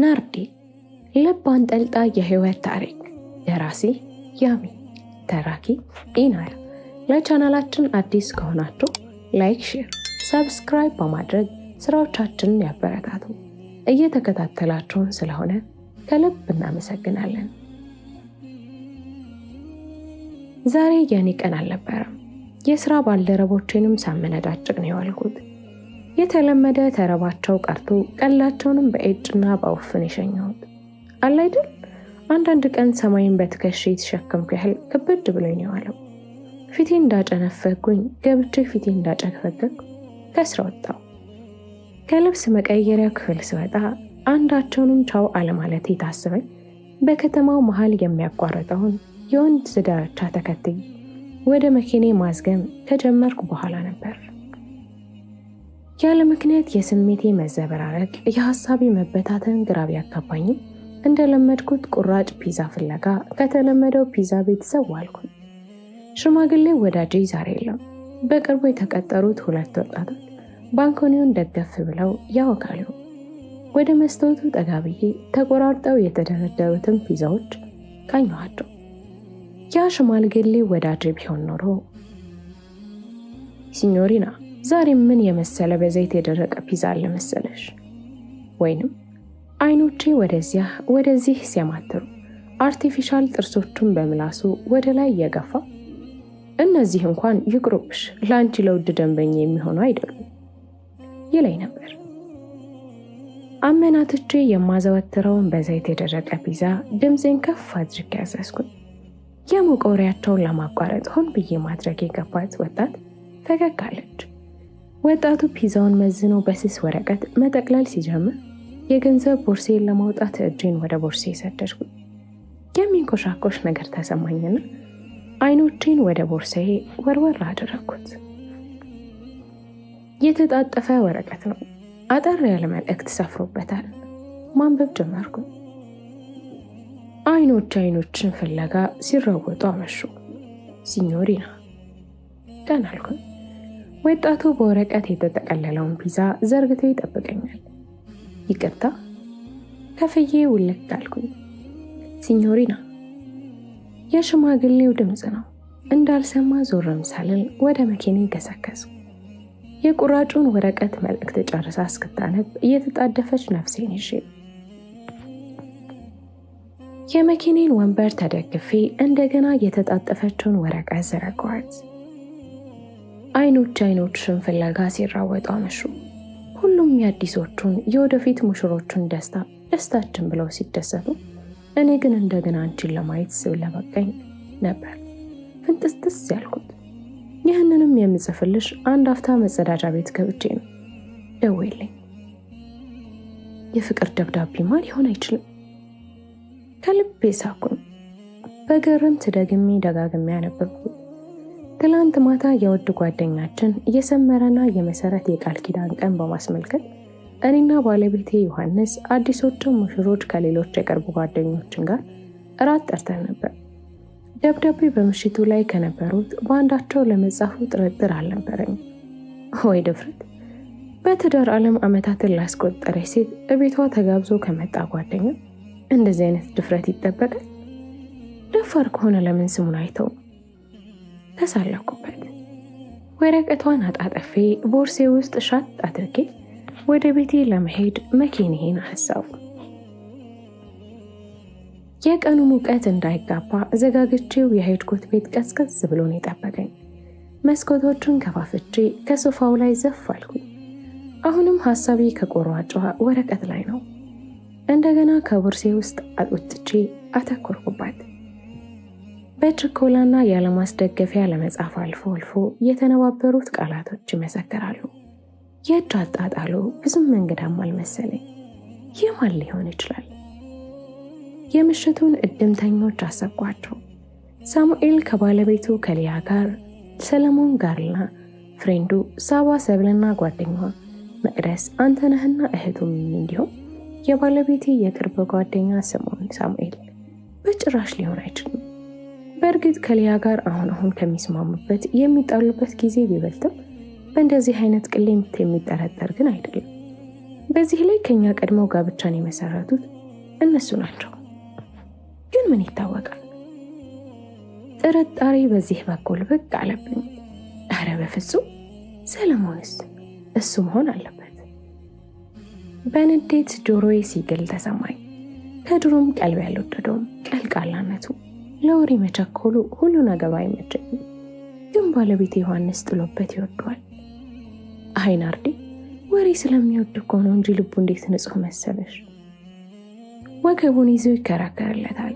ናርዲ ልብ አንጠልጣ የህይወት ታሪክ ደራሲ ያሚ ተራኪ ኢናያ ለቻናላችን አዲስ ከሆናችሁ ላይክ ሼር ሰብስክራይብ በማድረግ ስራዎቻችንን ያበረታቱ እየተከታተላችሁን ስለሆነ ከልብ እናመሰግናለን ዛሬ የኔ ቀን አልነበረም የስራ ባልደረቦቼንም ሳመነዳጭቅ ነው የዋልኩት የተለመደ ተረባቸው ቀርቶ ቀላቸውንም በኤጭና በውፍን የሸኘሁት አላይደል አንዳንድ ቀን ሰማይን በትከሽ የተሸከምኩ ያህል ክብድ ብሎኝ ነው ፊቴ እንዳጨነፈግኩኝ ገብቼ ፊቴ እንዳጨነፈግኩ ከስራ ወጣው ከልብስ መቀየሪያ ክፍል ስወጣ አንዳቸውንም ቻው አለማለት የታስበኝ በከተማው መሀል የሚያቋርጠውን የወንድ ዝዳርቻ ተከትዬ ወደ መኪኔ ማዝገም ከጀመርኩ በኋላ ነበር። ያለ ምክንያት የስሜቴ መዘበራረቅ፣ የሀሳቤ መበታተን ግራ ቢያጋባኝም እንደለመድኩት ቁራጭ ፒዛ ፍለጋ ከተለመደው ፒዛ ቤት ዘዋልኩኝ። ሽማግሌ ወዳጄ ዛሬ የለም። በቅርቡ የተቀጠሩት ሁለት ወጣቶች ባንኮኒውን ደገፍ ብለው ያወቃሉ። ወደ መስታወቱ ጠጋብዬ ተቆራርጠው የተደረደሩትን ፒዛዎች ቃኘኋቸው። ያ ሽማግሌ ወዳጄ ቢሆን ኖሮ ሲኞሪና ዛሬ ምን የመሰለ በዘይት የደረቀ ፒዛ አለ መሰለሽ? ወይንም አይኖቼ ወደዚያ ወደዚህ ሲያማትሩ አርቲፊሻል ጥርሶቹን በምላሱ ወደ ላይ እየገፋ እነዚህ እንኳን ይቅሩብሽ፣ ለአንቺ ለውድ ደንበኝ የሚሆኑ አይደሉም ይላይ ነበር። አመናትቼ የማዘወትረውን በዘይት የደረቀ ፒዛ ድምፄን ከፍ አድርጌ ያዘዝኩኝ። የሞቆሪያቸውን ለማቋረጥ ሆን ብዬ ማድረግ የገባት ወጣት ፈገግ አለች። ወጣቱ ፒዛውን መዝኖ በስስ ወረቀት መጠቅለል ሲጀምር የገንዘብ ቦርሴን ለማውጣት እጄን ወደ ቦርሴ ሰደድኩ። የሚንኮሻኮሽ ነገር ተሰማኝና አይኖቼን ወደ ቦርሳዬ ወርወር አደረግኩት። የተጣጠፈ ወረቀት ነው። አጠር ያለ መልእክት ሰፍሮበታል። ማንበብ ጀመርኩ። አይኖች አይኖችን ፍለጋ ሲራወጡ አመሹ። ሲኞሪና ቀን አልኩኝ። ወጣቱ በወረቀት የተጠቀለለውን ፒዛ ዘርግቶ ይጠብቀኛል። ይቅርታ ከፍዬ ውልቅ አልኩኝ። ሲኞሪና የሽማግሌው ድምፅ ነው። እንዳልሰማ ዞርም ሳልል ወደ መኪና ይገሰከስ የቁራጩን ወረቀት መልእክት ጨርሳ እስክታነብ እየተጣደፈች ነፍሴን ይዤ የመኪኔን ወንበር ተደግፌ እንደገና የተጣጠፈችውን ወረቀት ዘረጓት። አይኖች አይኖችሽን ፍለጋ ሲራወጡ አመሹ። ሁሉም የአዲሶቹን የወደፊት ሙሽሮቹን ደስታ ደስታችን ብለው ሲደሰቱ፣ እኔ ግን እንደገና አንቺን ለማየት ስለበቃኝ ነበር ፍንጥስጥስ ያልኩት። ይህንንም የምጽፍልሽ አንድ አፍታ መጸዳጃ ቤት ገብቼ ነው። ደውልኝ። የፍቅር ማ ሊሆን አይችልም። ከልቤ ሳኩን። በግርምት ደግሜ ደጋግሜ ያነበብኩት ትላንት ማታ የውድ ጓደኛችን የሰመረና የመሰረት የቃል ኪዳን ቀን በማስመልከት እኔና ባለቤቴ ዮሐንስ አዲሶቹን ሙሽሮች ከሌሎች የቅርብ ጓደኞችን ጋር እራት ጠርተን ነበር። ደብዳቤ በምሽቱ ላይ ከነበሩት በአንዳቸው ለመጻፉ ጥርጥር አልነበረኝ። ወይ ድፍረት! በትዳር ዓለም ዓመታትን ላስቆጠረች ሴት እቤቷ ተጋብዞ ከመጣ ጓደኛ እንደዚህ አይነት ድፍረት ይጠበቃል? ደፋር ከሆነ ለምን ስሙን አይተውም? ተሳለኩበት። ወረቀቷን አጣጠፌ ቦርሴ ውስጥ ሻት አድርጌ ወደ ቤቴ ለመሄድ መኪናዬን አሰብኩ። የቀኑ ሙቀት እንዳይጋባ ዘጋግቼው የሄድኩት ቤት ቀዝቀዝ ብሎን የጠበቀኝ። መስኮቶቹን ከፋፍቼ ከሶፋው ላይ ዘፍ አልኩኝ። አሁንም ሀሳቤ ከቆራጯ ወረቀት ላይ ነው። እንደገና ከቦርሴ ውስጥ አውጥቼ አተኮርኩባት። በችኮላና ያለማስደገፊያ ለመጻፍ አልፎ አልፎ የተነባበሩት ቃላቶች ይመሰክራሉ። የእጅ አጣጣሉ ብዙም መንገዳም አልመሰለኝ። ይህ ማን ሊሆን ይችላል? የምሽቱን እድምተኞች አሰብኳቸው። ሳሙኤል ከባለቤቱ ከሊያ ጋር፣ ሰለሞን ጋርና ፍሬንዱ ሳባ ሰብልና ጓደኛዋ መቅደስ አንተነህና እህቱ ሚሚ እንዲሁም የባለቤቴ የቅርብ ጓደኛ ስምዖን ሳሙኤል በጭራሽ ሊሆን አይችልም። በእርግጥ ከሊያ ጋር አሁን አሁን ከሚስማሙበት የሚጣሉበት ጊዜ ቢበልጥም በእንደዚህ አይነት ቅሌምት የሚጠረጠር ግን አይደለም። በዚህ ላይ ከኛ ቀድመው ጋብቻን የመሰረቱት እነሱ ናቸው። ግን ምን ይታወቃል? ጥርጣሬ በዚህ በኩል ብቅ አለብኝ። አረ በፍጹም ሰለሞንስ እሱ መሆን አለበት። በንዴት ጆሮዬ ሲግል ተሰማኝ። ከድሮም ቀልብ ያልወደደውም ቀልቃላነቱ ለወሬ መቸኮሉ ሁሉን ነገሩ አይመቸኝም፣ ግን ባለቤት ዮሐንስ ጥሎበት ይወደዋል። አይናርዲ ወሬ ስለሚወድ እኮ ነው እንጂ ልቡ እንዴት ንጹህ መሰለሽ። ወገቡን ይዞ ይከራከርለታል።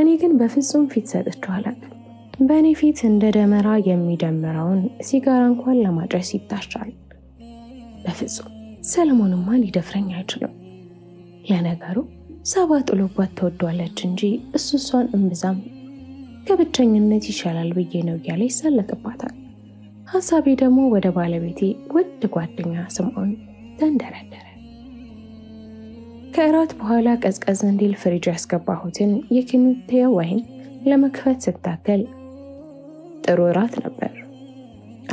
እኔ ግን በፍጹም ፊት ሰጥቼው በእኔ ፊት እንደ ደመራ የሚደምረውን ሲጋራ እንኳን ለማጨስ ይታሻል። በፍጹም ሰለሞንማ ሊደፍረኝ አይችልም። ለነገሩ ሳባ ጥሎባት ተወዷለች እንጂ እሱ እሷን እምብዛም ከብቸኝነት ይሻላል ብዬ ነው እያለ ይሳለቅባታል። ሀሳቤ ደግሞ ወደ ባለቤቴ ውድ ጓደኛ ስምዖን ተንደረደረ። ከእራት በኋላ ቀዝቀዝ እንዲል ፍሪጅ ያስገባሁትን የኪኒቴ ወይን ለመክፈት ስታከል ጥሩ እራት ነበር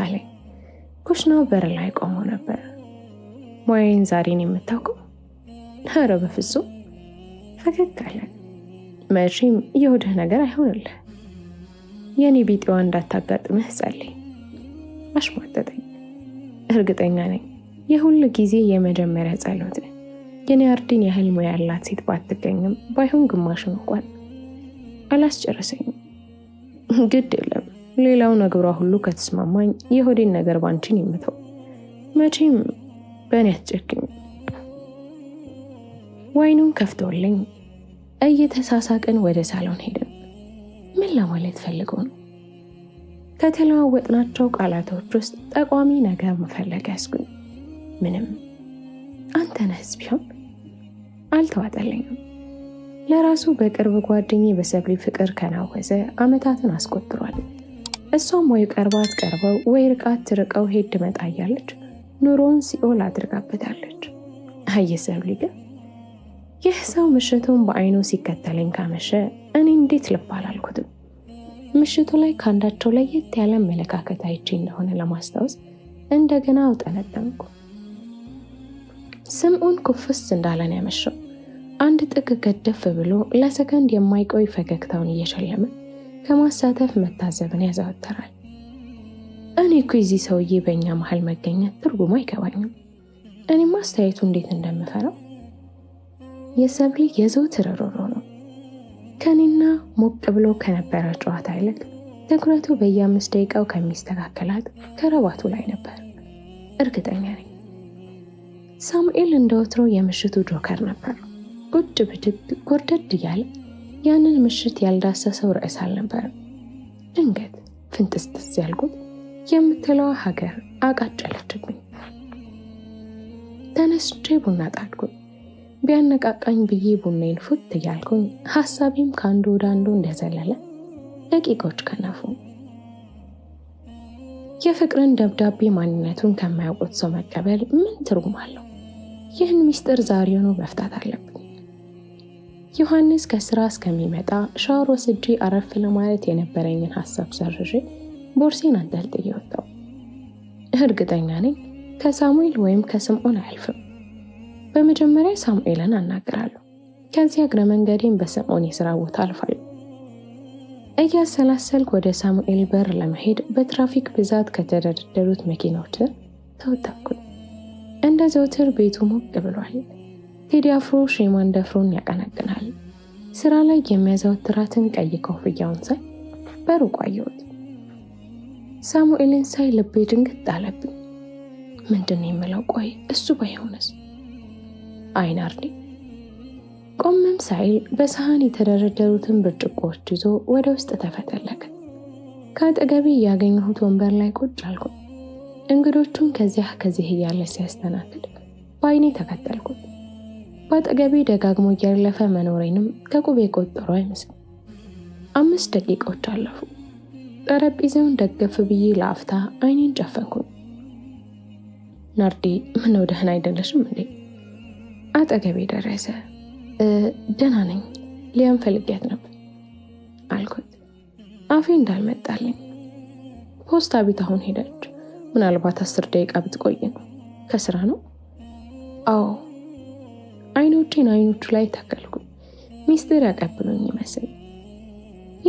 አለ ኩሽናው በር ላይ ቆሞ ነበር። ሙያዬን ዛሬን የምታውቀው? ኧረ በፍጹም ፈገግ አለን። መቼም የሆድህ ነገር አይሆንልህ። የኔ ቢጤዋ እንዳታጋጥምህ ጸልይ። አሽሟጠጠኝ። እርግጠኛ ነኝ የሁል ጊዜ የመጀመሪያ ጸሎት የኔ አርዲን ያህል ሙያ ያላት ሴት ባትገኝም ባይሆን ግማሽ እንኳን አላስጨረሰኝም። ግድ የለም ሌላው ነገሯ ሁሉ ከተስማማኝ የሆዴን ነገር ባንቺን የምተው መቼም በእኔ አትጨክኝም። ወይኑን ከፍቶልኝ እየተሳሳቅን ወደ ሳሎን ሄድን። ምን ለማለት ፈልጎ ነው? ከተለዋወጥናቸው ቃላቶች ውስጥ ጠቋሚ ነገር መፈለግ ያስጉኝ። ምንም አንተ ነህስ ቢሆን አልተዋጠልኝም። ለራሱ በቅርብ ጓደኝ በሰብሊ ፍቅር ከናወዘ ዓመታትን አስቆጥሯል። እሷም ወይ ቀርባት ቀርበው ወይ ርቃት ትርቀው ሄድ መጣ እያለች ኑሮውን ሲኦል አድርጋበታለች። አየሰብሊ ግን ይህ ሰው ምሽቱን በአይኑ ሲከተለኝ ካመሸ እኔ እንዴት ልባል አልኩትም። ምሽቱ ላይ ከአንዳቸው ለየት ያለ አመለካከት አይቼ እንደሆነ ለማስታወስ እንደገና አውጠነጠንኩ። ስምዖን ኩፍስ እንዳለን ያመሸው አንድ ጥግ ገደፍ ብሎ ለሰከንድ የማይቆይ ፈገግታውን እየሸለመ ከማሳተፍ መታዘብን ያዘወተራል። እኔ እኮ የዚህ ሰውዬ በእኛ መሀል መገኘት ትርጉም አይገባኝም። እኔም አስተያየቱ እንዴት እንደምፈራው የሰብሊ የዘውትር ሮሮ ነው። ከኔና ሞቅ ብሎ ከነበረ ጨዋታ ይልቅ ትኩረቱ በየአምስት ደቂቃው ከሚስተካከላት ከረባቱ ላይ ነበር። እርግጠኛ ነኝ ሳሙኤል እንደ ወትሮ የምሽቱ ጆከር ነበር። ቁጭ ብድግ ጎርደድ እያለ ያንን ምሽት ያልዳሰሰው ርዕስ አልነበርም። ድንገት ፍንጥስጥስ ያልኩት የምትለዋ ሀገር አቃጨለችብኝ። ተነስቼ ቡና ጣድኩኝ። ቢያነቃቃኝ ብዬ ቡናዬን ፉት እያልኩኝ ሀሳቤም ከአንዱ ወደ አንዱ እንደዘለለ ደቂቆች ከነፉ። የፍቅርን ደብዳቤ ማንነቱን ከማያውቁት ሰው መቀበል ምን ትርጉም አለው? ይህን ምስጢር ዛሬውኑ መፍታት አለብኝ። ዮሐንስ ከስራ እስከሚመጣ ሻወር ወስጄ አረፍ ለማለት የነበረኝን ሀሳብ ሰርዤ ቦርሴን አንጠልጥዬ ወጣሁ። እርግጠኛ ነኝ ከሳሙኤል ወይም ከስምዖን አያልፍም። በመጀመሪያ ሳሙኤልን አናገራለሁ። ከዚያ እግረ መንገዴን በስምዖን የሥራ ቦታ አልፋለሁ። እያሰላሰልኩ ወደ ሳሙኤል በር ለመሄድ በትራፊክ ብዛት ከተደረደሩት መኪናዎች ተወጠኩኝ። እንደ ዘውትር ቤቱ ሞቅ ብሏል። ቴዲ አፍሮ ሼማን ደፍሮን ያቀነቅናል። ስራ ላይ የሚያዘወትራትን ቀይ ኮፍያውን ሳይ በሩቅ አየሁት። ሳሙኤልን ሳይ ልቤ ድንግጥ አለብኝ። ምንድን ነው የምለው? ቆይ እሱ ባይሆነስ? አይን አርዲ ቆምም ሳይል በሰሃን የተደረደሩትን ብርጭቆዎች ይዞ ወደ ውስጥ ተፈተለከ። ከአጠገቤ እያገኘሁት ወንበር ላይ ቁጭ አልኩ። እንግዶቹን ከዚያ ከዚህ እያለ ሲያስተናግድ በአይኔ ተከተልኩት። በአጠገቤ ደጋግሞ እያለፈ መኖሬንም ከቁብ የቆጠሩ አይመስልም። አምስት ደቂቃዎች አለፉ። ጠረጴዛውን ደገፍ ብዬ ለአፍታ አይኔን ጨፈንኩ። ናርዲ ምነው ደህና አይደለሽም እንዴ? አጠገቤ ደረሰ። ደህና ነኝ፣ ሊያም ፈልጊያት ነበር አልኩት። አፌ እንዳልመጣልኝ ፖስታ ቤት አሁን ሄደች። ምናልባት አስር ደቂቃ ብትቆይ ነው። ከስራ ነው? አዎ። አይኖቼን አይኖቹ ላይ ተከልኩ። ሚስጥር ያቀብሉኝ ይመስል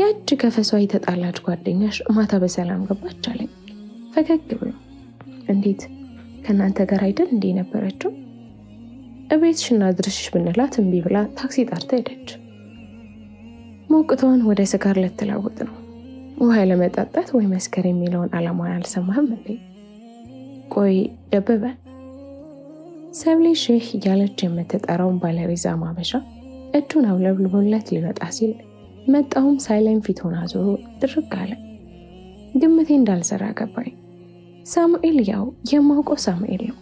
ያች ከፈሷ የተጣላች ጓደኛሽ ማታ በሰላም ገባች አለኝ ፈገግ ብሎ። እንዴት ከእናንተ ጋር አይደል እንዲህ ነበረችው? እቤትሽና ድርሽሽ ብንላት እምቢ ብላ ታክሲ ጠርታ ሄደች። ሞቅቷን ወደ ስጋር ልትለውጥ ነው። ውሃ ለመጠጣት ወይ መስከር የሚለውን ዓላማን አልሰማህም እንዴ? ቆይ ደበበ ሰብሌ ሼህ እያለች የምትጠራውን ባለሪዛ ማበሻ እጁን አውለብልቦለት ሊመጣ ሲል መጣሁም ሳይለን ፊት አዞሮ ዞሮ አለ። ግምቴ እንዳልሰራ ገባኝ። ሳሙኤል ያው የማውቀው ሳሙኤል ነው።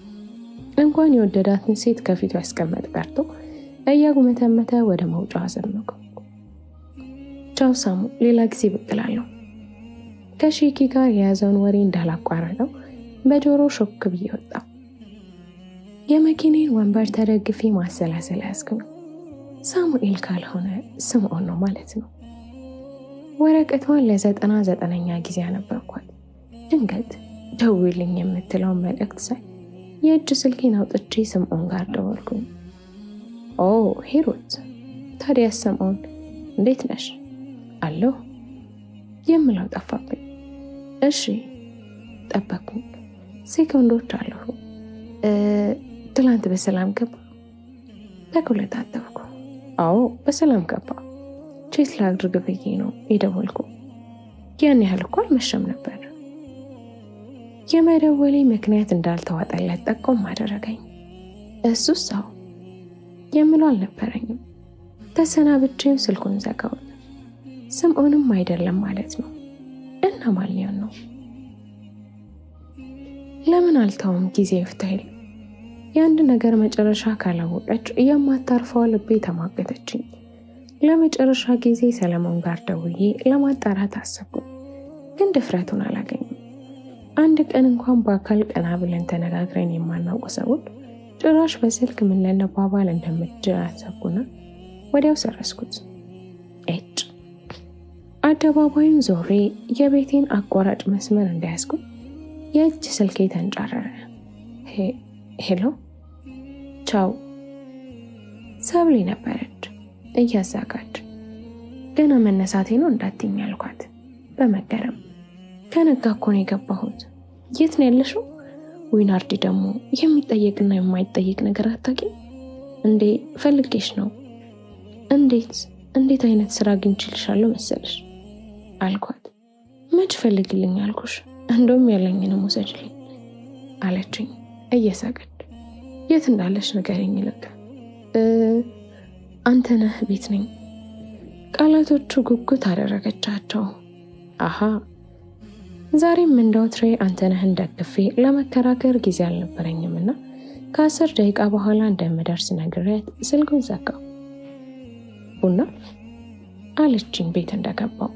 እንኳን የወደዳትን ሴት ከፊቱ ያስቀመጥ ቀርቶ እያጉመተመተ ወደ መውጫው አዘመቁ። ቻው ሳሙ፣ ሌላ ጊዜ ብቅ እላለሁ። ከሺኪ ጋር የያዘውን ወሬ እንዳላቋረጠው በጆሮ ሾክ ብዬ ወጣው። የመኪኔን ወንበር ተደግፌ ማሰላሰል ነው። ሳሙኤል ካልሆነ ስምዖን ነው ማለት ነው። ወረቀቷን ለዘጠና ዘጠነኛ ጊዜ አነበርኳት። ድንገት ደውልኝ የምትለውን መልእክት ሳይ የእጅ ስልኬን አውጥቼ ስምዖን ጋር ደወልኩኝ። ኦ ሄሮት፣ ታዲያ ስምዖን እንዴት ነሽ? አለሁ የምለው ጠፋብኝ። እሺ ጠበኩ ሴኮንዶች አለሁ። ትላንት በሰላም ገባ? ተኮለታተፍኩ። አዎ በሰላም ገባ። ቼት ላድርግ ብዬ ነው የደወልኩ። ያን ያህል እኮ አልመሸም ነበር። የመደወሌ ምክንያት እንዳልተዋጠለት ጠቆም አደረገኝ። እሱስ ሰው የምለው አልነበረኝም። ተሰናብቼም ስልኩን ዘጋውን። ስምዖንም አይደለም ማለት ነው እና ማንኛው ነው? ለምን አልተውም? ጊዜ ይፍታል። የአንድ ነገር መጨረሻ ካላወቀች የማታርፈው ልቤ ተማገተችኝ። ለመጨረሻ ጊዜ ሰለሞን ጋር ደውዬ ለማጣራት አሰብኩ፣ ግን ድፍረቱን አላገኘም። አንድ ቀን እንኳን በአካል ቀና ብለን ተነጋግረን የማናውቁ ሰዎች ጭራሽ በስልክ ምን ለነባባል እንደምችል አሰብኩና ወዲያው ሰረስኩት። ኤጭ አደባባዩን ዞሬ የቤቴን አቋራጭ መስመር እንዳያስኩት የእጅ ስልኬ ተንጫረረ። ሄሎ ቻው። ሰብሌ ነበረች እያዛጋች። ገና መነሳቴ ነው እንዳትኛ አልኳት በመገረም ከነጋ እኮ ነው የገባሁት። የት ነው ያለሽው? ዊናርዲ ደግሞ የሚጠየቅና የማይጠየቅ ነገር አታውቂም እንዴ? ፈልጌሽ ነው። እንዴት እንዴት አይነት ስራ አግኝቼልሻለሁ መሰለሽ አልኳት። መች ፈልግልኝ አልኩሽ፣ እንደውም ያለኝንም ውሰጅልኝ አለችኝ እየሳቀች። የት እንዳለሽ ንገሪኝ ይለቅ አንተ ቤት ነኝ። ቃላቶቹ ጉጉት አደረገቻቸው። አሃ ዛሬም እንደ አንተነህን ደግፌ ለመከራከር ጊዜ አልነበረኝም እና ከአስር ደቂቃ በኋላ እንደምደርስ ነግሬያት ስልኩን ዘጋው። ቡና አለችኝ ቤት እንደገባው።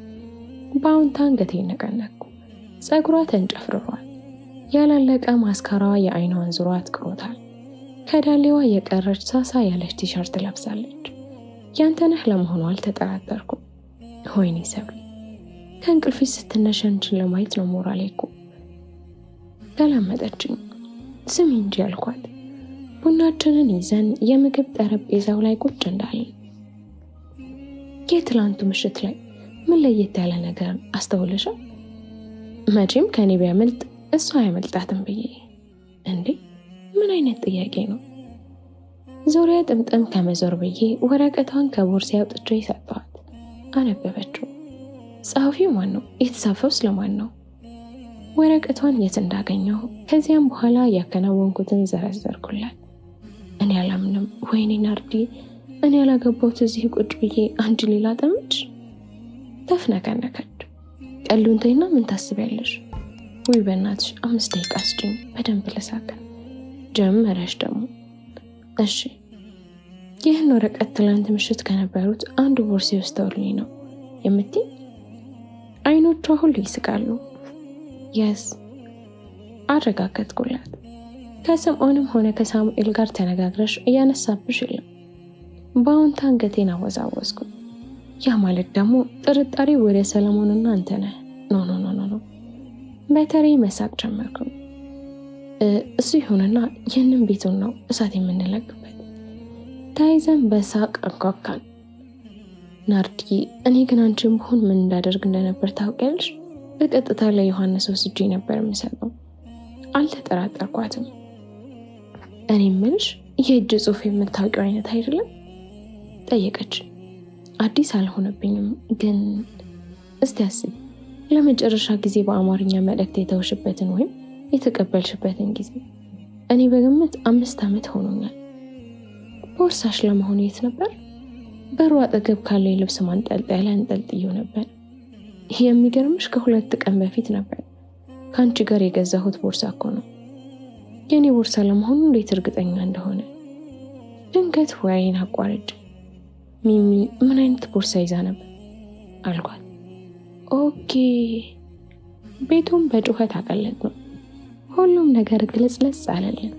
በአሁንታ አንገቴ ነቀነቅኩ። ፀጉሯ ተንጨፍርሯል። ያላለቀ ማስካራዋ የአይኗን ዙሮ አጥቅሮታል። ከዳሌዋ የቀረች ሳሳ ያለች ቲሸርት ለብሳለች። ያንተነህ ለመሆኗ አልተጠራጠርኩም። ወይኔ ሰብል ከእንቅልፌ ስትነሽ አንቺን ለማየት ነው ሞራሌ እኮ። ገላመጠችኝ። ስሚ እንጂ ያልኳት። ቡናችንን ይዘን የምግብ ጠረጴዛው ላይ ቁጭ እንዳለን የትላንቱ ምሽት ላይ ምን ለየት ያለ ነገር አስተውለሻል? መቼም ከኔ ቢያመልጥ እሷ አያመልጣትም ብዬ። እንዴ ምን አይነት ጥያቄ ነው? ዙሪያ ጥምጥም ከመዞር ብዬ ወረቀቷን ከቦርሴ አውጥቼ ሰጠኋት። አነበበችው። ጸሐፊው ማን ነው? የተጻፈው ስለማን ነው? ወረቀቷን የት እንዳገኘው፣ ከዚያም በኋላ ያከናወንኩትን ዘረዘርኩላት። እኔ አላምንም። ወይኔ ናርዲ፣ እኔ ያላገባሁት እዚህ ቁጭ ብዬ አንድ ሌላ ጠምድ ተፍነከነከች። ቀሉን ተይና ምን ታስቢያለሽ? ውይ በእናትሽ አምስት ደቂቃ አስጭኝ፣ በደንብ ልሳካ። ጀመረሽ ደግሞ። እሺ ይህን ወረቀት ትላንት ምሽት ከነበሩት አንዱ ቦርሴ ውስጥ ነው የምትይ አይኖቿ ሁሉ ይስቃሉ። የስ አረጋገጥኩላት። ከስምዖንም ሆነ ከሳሙኤል ጋር ተነጋግረሽ እያነሳብሽ የለም። በአዎንታ አንገቴን አወዛወዝኩ። ያ ማለት ደግሞ ጥርጣሬ ወደ ሰለሞንና አንተ ነህ። ኖ ኖ ኖ ኖ። በተሬ መሳቅ ጀመርኩ። እሱ ይሁንና ይህንን ቤቱን ነው እሳት የምንለቅበት። ተያይዘን በሳቅ አንኳኳን። ናርዲ፣ እኔ ግን አንቺን ብሆን ምን እንዳደርግ እንደነበር ታውቂያለሽ? በቀጥታ ላይ ዮሐንስ ወስጄ ነበር የምሰጠው። አልተጠራጠርኳትም። እኔ ምልሽ የእጅ ጽሑፍ የምታውቂው አይነት አይደለም? ጠየቀች። አዲስ አልሆነብኝም፣ ግን እስቲ አስቢ ለመጨረሻ ጊዜ በአማርኛ መልእክት የተውሽበትን ወይም የተቀበልሽበትን ጊዜ። እኔ በግምት አምስት ዓመት ሆኖኛል። ቦርሳሽ ለመሆኑ የት ነበር? በሩ አጠገብ ካለ የልብስ ማንጠልጠያ ላይ አንጠልጥየው ነበር። ይህ የሚገርምሽ ከሁለት ቀን በፊት ነበር። ከአንቺ ጋር የገዛሁት ቦርሳ እኮ ነው። የእኔ ቦርሳ ለመሆኑ እንዴት እርግጠኛ እንደሆነ ድንገት ወያይን አቋረጭ። ሚሚ ምን አይነት ቦርሳ ይዛ ነበር አልኳት። ኦኬ ቤቱም በጩኸት አቀለጥ ነው። ሁሉም ነገር ግልጽ ለጽ አለልን።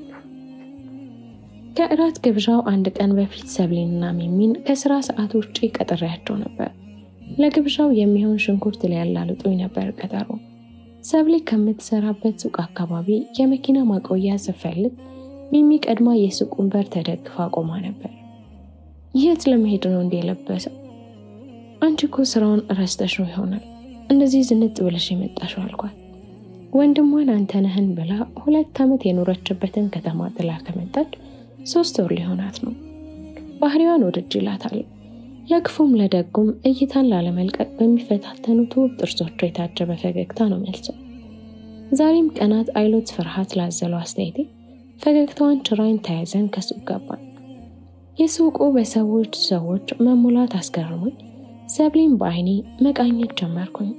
ከእራት ግብዣው አንድ ቀን በፊት ሰብሌንና ሚሚን ከስራ ሰዓት ውጭ ቀጥሬያቸው ነበር። ለግብዣው የሚሆን ሽንኩርት ሊያላልጡኝ ነበር ቀጠሮ። ሰብሊ ከምትሰራበት ሱቅ አካባቢ የመኪና ማቆያ ስፈልግ ሚሚ ቀድማ የሱቅ ወንበር ተደግፋ ቆማ ነበር። የት ለመሄድ ነው እንደ የለበሰው? አንቺ እኮ ስራውን ረስተሽ ነው ይሆናል እንደዚህ ዝንጥ ብለሽ የመጣሽው አልኳት። ወንድሟን አንተነህን ብላ ሁለት ዓመት የኖረችበትን ከተማ ጥላ ከመጣች ሶስት ወር ሊሆናት ነው። ባህሪዋን ወድጅ ይላታለሁ። ለክፉም ለደጉም እይታን ላለመልቀቅ በሚፈታተኑት ውብ ጥርሶቿ የታጀበ ፈገግታ ነው መልሶ። ዛሬም ቀናት አይሎት ፍርሃት ላዘለው አስተያየቴ ፈገግታዋን ችራኝ ተያይዘን ከሱቅ ገባን። የሱቁ በሰዎች ሰዎች መሙላት አስገርሞኝ ሰብሌን በአይኔ መቃኘት ጀመርኩኝ።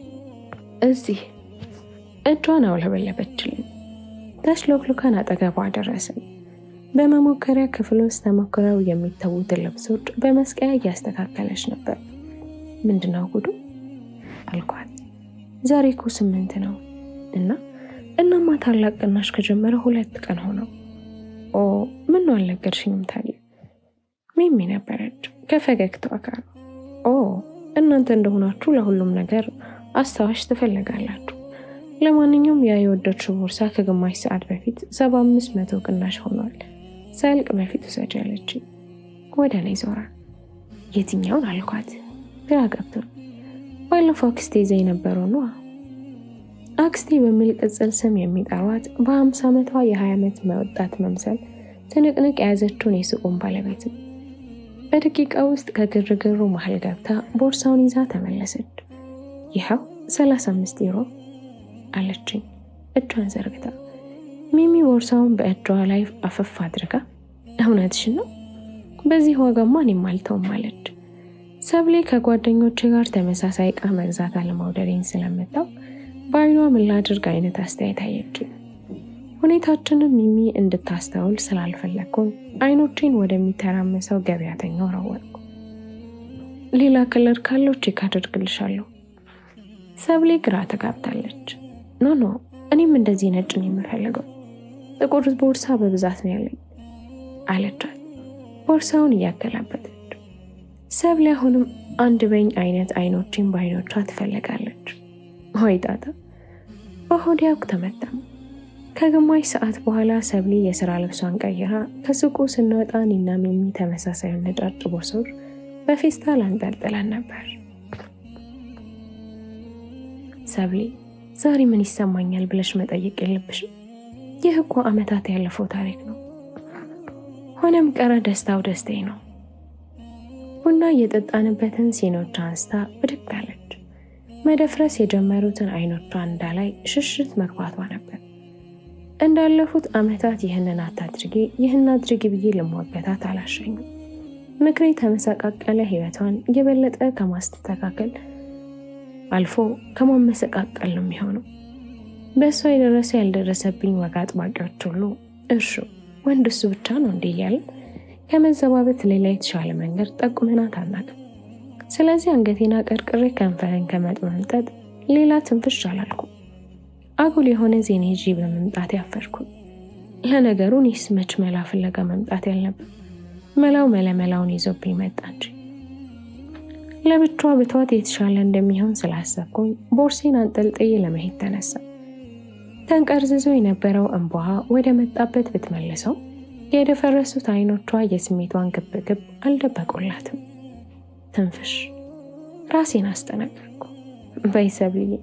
እዚህ እጇን አውለበለበችልኝ። ተሽሎክሉከን አጠገቧ ደረስን። በመሞከሪያ ክፍል ውስጥ ተሞክረው የሚተዉትን ልብሶች በመስቀያ እያስተካከለች ነበር። ምንድነው ጉዱ አልኳት። ዛሬ እኮ ስምንት ነው እና እናማ ታላቅ ቅናሽ ከጀመረ ሁለት ቀን ሆነው። ኦ ምነው አልነገርሽኝም? ታዲያ ሚሚ ነበረች ከፈገግታዋ ጋር። ኦ እናንተ እንደሆናችሁ ለሁሉም ነገር አስታዋሽ ትፈልጋላችሁ። ለማንኛውም ያ የወደድሽው ቦርሳ ከግማሽ ሰዓት በፊት ሰባ አምስት መቶ ቅናሽ ሆኗል። ሰልቅ በፊት ውሰጂው ያለች ወደ እኔ ዞራ የትኛውን አልኳት፣ ግራ ገብቶ። ባለፈው አክስቴ ይዛ የነበረው ነዋ። አክስቴ በሚል ቅጽል ስም የሚጠሯት በ ዓመቷ የ ዓመት መወጣት መምሰል ትንቅንቅ የያዘችውን የሱቁን ባለቤት በደቂቃ ውስጥ ከግርግሩ መሀል ገብታ ቦርሳውን ይዛ ተመለሰች። ይኸው አምስት ዩሮ አለችኝ እጇን ዘርግታ ሚሚ ቦርሳውን በእጇ ላይ አፈፍ አድርጋ እውነትሽ ነው፣ በዚህ ዋጋማ እኔም አልተውም አለች። ሰብሌ ከጓደኞች ጋር ተመሳሳይ እቃ መግዛት አለማውደሬን ስለምታው በአይኗ ምን ላድርግ አይነት አስተያየት አየች። ሁኔታችንም ሚሚ እንድታስተውል ስላልፈለግኩኝ አይኖቼን ወደሚተራመሰው ገበያተኛው ረወርኩ። ሌላ ክለር ካለው ቼክ አደርግልሻለሁ። ሰብሌ ግራ ተጋብታለች። ኖ ኖ እኔም እንደዚህ ነጭ ነው የምፈልገው ጥቁር ቦርሳ በብዛት ነው ያለኝ አለቻት። ቦርሳውን እያገላበጠች ሰብለ አሁንም አንድ በኝ አይነት አይኖችን በአይኖቿ ትፈልጋለች። ሆይ ጣጣ በሆድ ያውቅ ተመታም። ከግማሽ ሰዓት በኋላ ሰብሌ የስራ ልብሷን ቀይራ ከሱቁ ስንወጣ ኒና ሚሚ ተመሳሳይ ነጫጭ ቦርሳዎች በፌስታል አንጠልጥለን ነበር። ሰብሌ ዛሬ ምን ይሰማኛል ብለሽ መጠየቅ የለብሽም ይህ እኮ ዓመታት ያለፈው ታሪክ ነው። ሆነም ቀረ ደስታው ደስተኝ ነው። ቡና እየጠጣንበትን ሲኖች አንስታ ብድግ አለች። መደፍረስ የጀመሩትን አይኖቿ እንዳላይ ሽሽት መግባቷ ነበር። እንዳለፉት ዓመታት ይህንን አታድርጊ፣ ይህን አድርጊ ብዬ ልሟገታት አላሸኙ። ምክሬ ተመሰቃቀለ ሕይወቷን የበለጠ ከማስተካከል አልፎ ከማመሰቃቀል ነው የሚሆነው። በእሷ የደረሰ ያልደረሰብኝ ዋጋ አጥባቂዎች ሁሉ እርሹ ወንድ እሱ ብቻ ነው እንዲህ እያለ ከመዘባበት ሌላ የተሻለ መንገድ ጠቁመናት አናቅ። ስለዚህ አንገቴና ቀርቅሬ ከንፈረን ከመጥመምጠጥ ሌላ ትንፍሽ አላልኩ። አጉል የሆነ ዜና ይዤ በመምጣት ያፈርኩ። ለነገሩ እኔስ መች መላ ፍለጋ መምጣት ያልነበር መላው መለመላውን ይዞብኝ መጣ እንጂ ለብቻዋ የተሻለ እንደሚሆን ስላሰብኩኝ ቦርሴን አንጠልጥዬ ለመሄድ ተነሳ። ተንቀርዝዞ የነበረው እንባዋ ወደ መጣበት ብትመልሰው የደፈረሱት አይኖቿ የስሜቷን ግብግብ አልደበቁላትም። ትንፍሽ ራሴን አስጠነቀቅኩ። በይ ሰብልዬ፣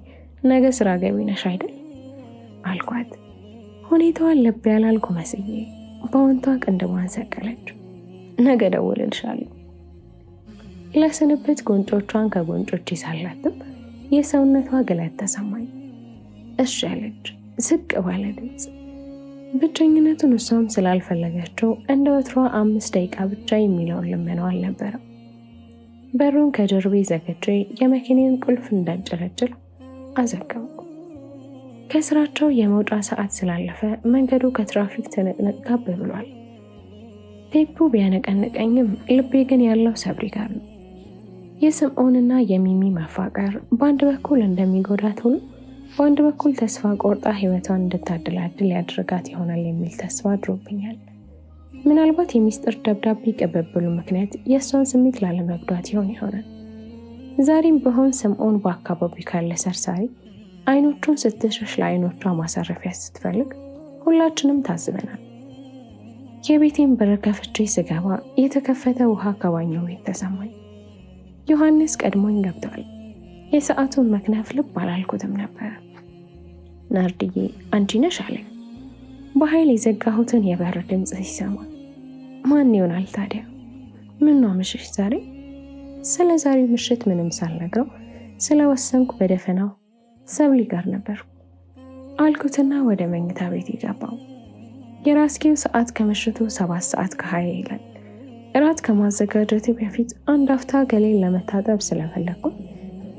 ነገ ስራ ገቢ ነሽ አይደል አልኳት። ሁኔታዋን ልብ ያላልኩ መስዬ በወንቷ ቅንድቧን ሰቀለች። ነገ ደውልልሻለሁ። ለስንብት ጉንጮቿን ከጉንጮች ይሳላትም የሰውነቷ ግለት ተሰማኝ። እሺ አለች። ዝቅ ባለ ድምፅ ብቸኝነቱን እሷም ስላልፈለገችው እንደ ወትሮ አምስት ደቂቃ ብቻ የሚለውን ልመነው አልነበረም። በሩን ከጀርቤ ዘግቼ የመኪኔን ቁልፍ እንዳንጨለጭል አዘገቡ። ከስራቸው የመውጫ ሰዓት ስላለፈ መንገዱ ከትራፊክ ትንቅንቅ ጋብ ብሏል። ቴፑ ቢያነቀንቀኝም ልቤ ግን ያለው ሰብሪ ጋር ነው። የስምዖንና የሚሚ መፋቀር በአንድ በኩል እንደሚጎዳት ሁሉ በአንድ በኩል ተስፋ ቆርጣ ህይወቷን እንድታደላድል ያድርጋት ይሆናል የሚል ተስፋ አድሮብኛል። ምናልባት የሚስጥር ደብዳቤ ቅብብሉ ምክንያት የእሷን ስሜት ላለመጉዳት ይሆን ይሆናል። ዛሬም ቢሆን ስምዖን በአካባቢው ካለ ሰርሳሪ አይኖቹን ስትሸሽ ለአይኖቿ ማሳረፊያ ስትፈልግ ሁላችንም ታዝበናል። የቤቴን በር ከፍቼ ስገባ የተከፈተ ውሃ ከባኘው ቤት ተሰማኝ። ዮሐንስ ቀድሞኝ ገብቷል። የሰዓቱን መክነፍ ልብ አላልኩትም ነበር። ናርድዬ አንቺ ነሽ አለኝ። በኃይል የዘጋሁትን የበር ድምፅ ሲሰማ ማን ይሆናል ታዲያ? ምን ነው ምሽሽ ዛሬ? ስለ ዛሬው ምሽት ምንም ሳልነግረው ስለወሰንኩ በደፈናው ሰብሊ ጋር ነበርኩ አልኩትና ወደ መኝታ ቤት የገባው። የራስጌው ሰዓት ከምሽቱ ሰባት ሰዓት ከሀያ ይላል። እራት ከማዘጋጀት በፊት አንድ አፍታ ገሌን ለመታጠብ ስለፈለግኩ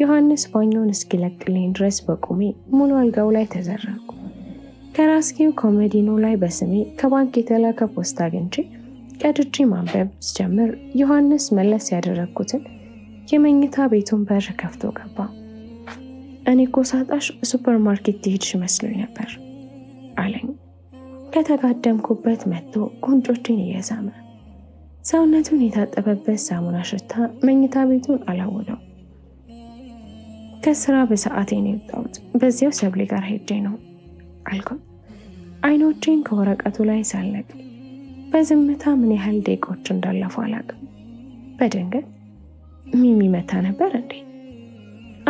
ዮሐንስ ባኛውን እስኪለቅልኝ ድረስ በቁሜ ሙሉ አልጋው ላይ ተዘረጉ። ከራስጌው ኮሜዲኖ ላይ በስሜ ከባንክ የተላከ ፖስታ አግኝቼ ቀድጂ ማንበብ ስጀምር ዮሐንስ መለስ ያደረግኩትን የመኝታ ቤቱን በር ከፍቶ ገባ። እኔ ኮሳጣሽ ሱፐርማርኬት ሱፐር ትሄድሽ መስሎኝ ነበር አለኝ። ከተጋደምኩበት መጥቶ ጉንጮቼን እየሳመ ሰውነቱን የታጠበበት ሳሙና ሽታ መኝታ ቤቱን አላወደው። ከስራ በሰዓቴ ነው የወጣሁት። በዚያው ሰብሌ ጋር ሄጄ ነው አልኩም። አይኖቼን ከወረቀቱ ላይ ሳለቅ በዝምታ ምን ያህል ደቂቆች እንዳለፉ አላቅም። በድንገት ሚሚ መታ ነበር እንዴ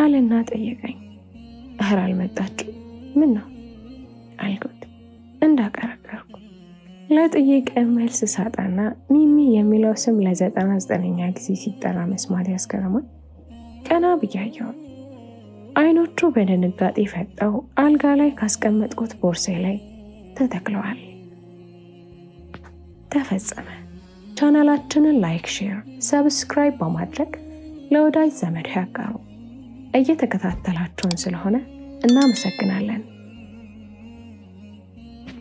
አለና ጠየቀኝ። እህር አልመጣችሁ ምን ነው አልኩት እንዳቀረቀርኩ ለጥያቄ መልስ ሳጣና ሚሚ የሚለው ስም ለዘጠና ዘጠነኛ ጊዜ ሲጠራ መስማት ያስገርማል። ቀና ብያየዋል። አይኖቹ በድንጋጤ ፈጠው አልጋ ላይ ካስቀመጥኩት ቦርሴ ላይ ተተክለዋል። ተፈጸመ። ቻናላችንን ላይክ፣ ሼር፣ ሰብስክራይብ በማድረግ ለወዳጅ ዘመድ ያጋሩ። እየተከታተላችሁን ስለሆነ እናመሰግናለን።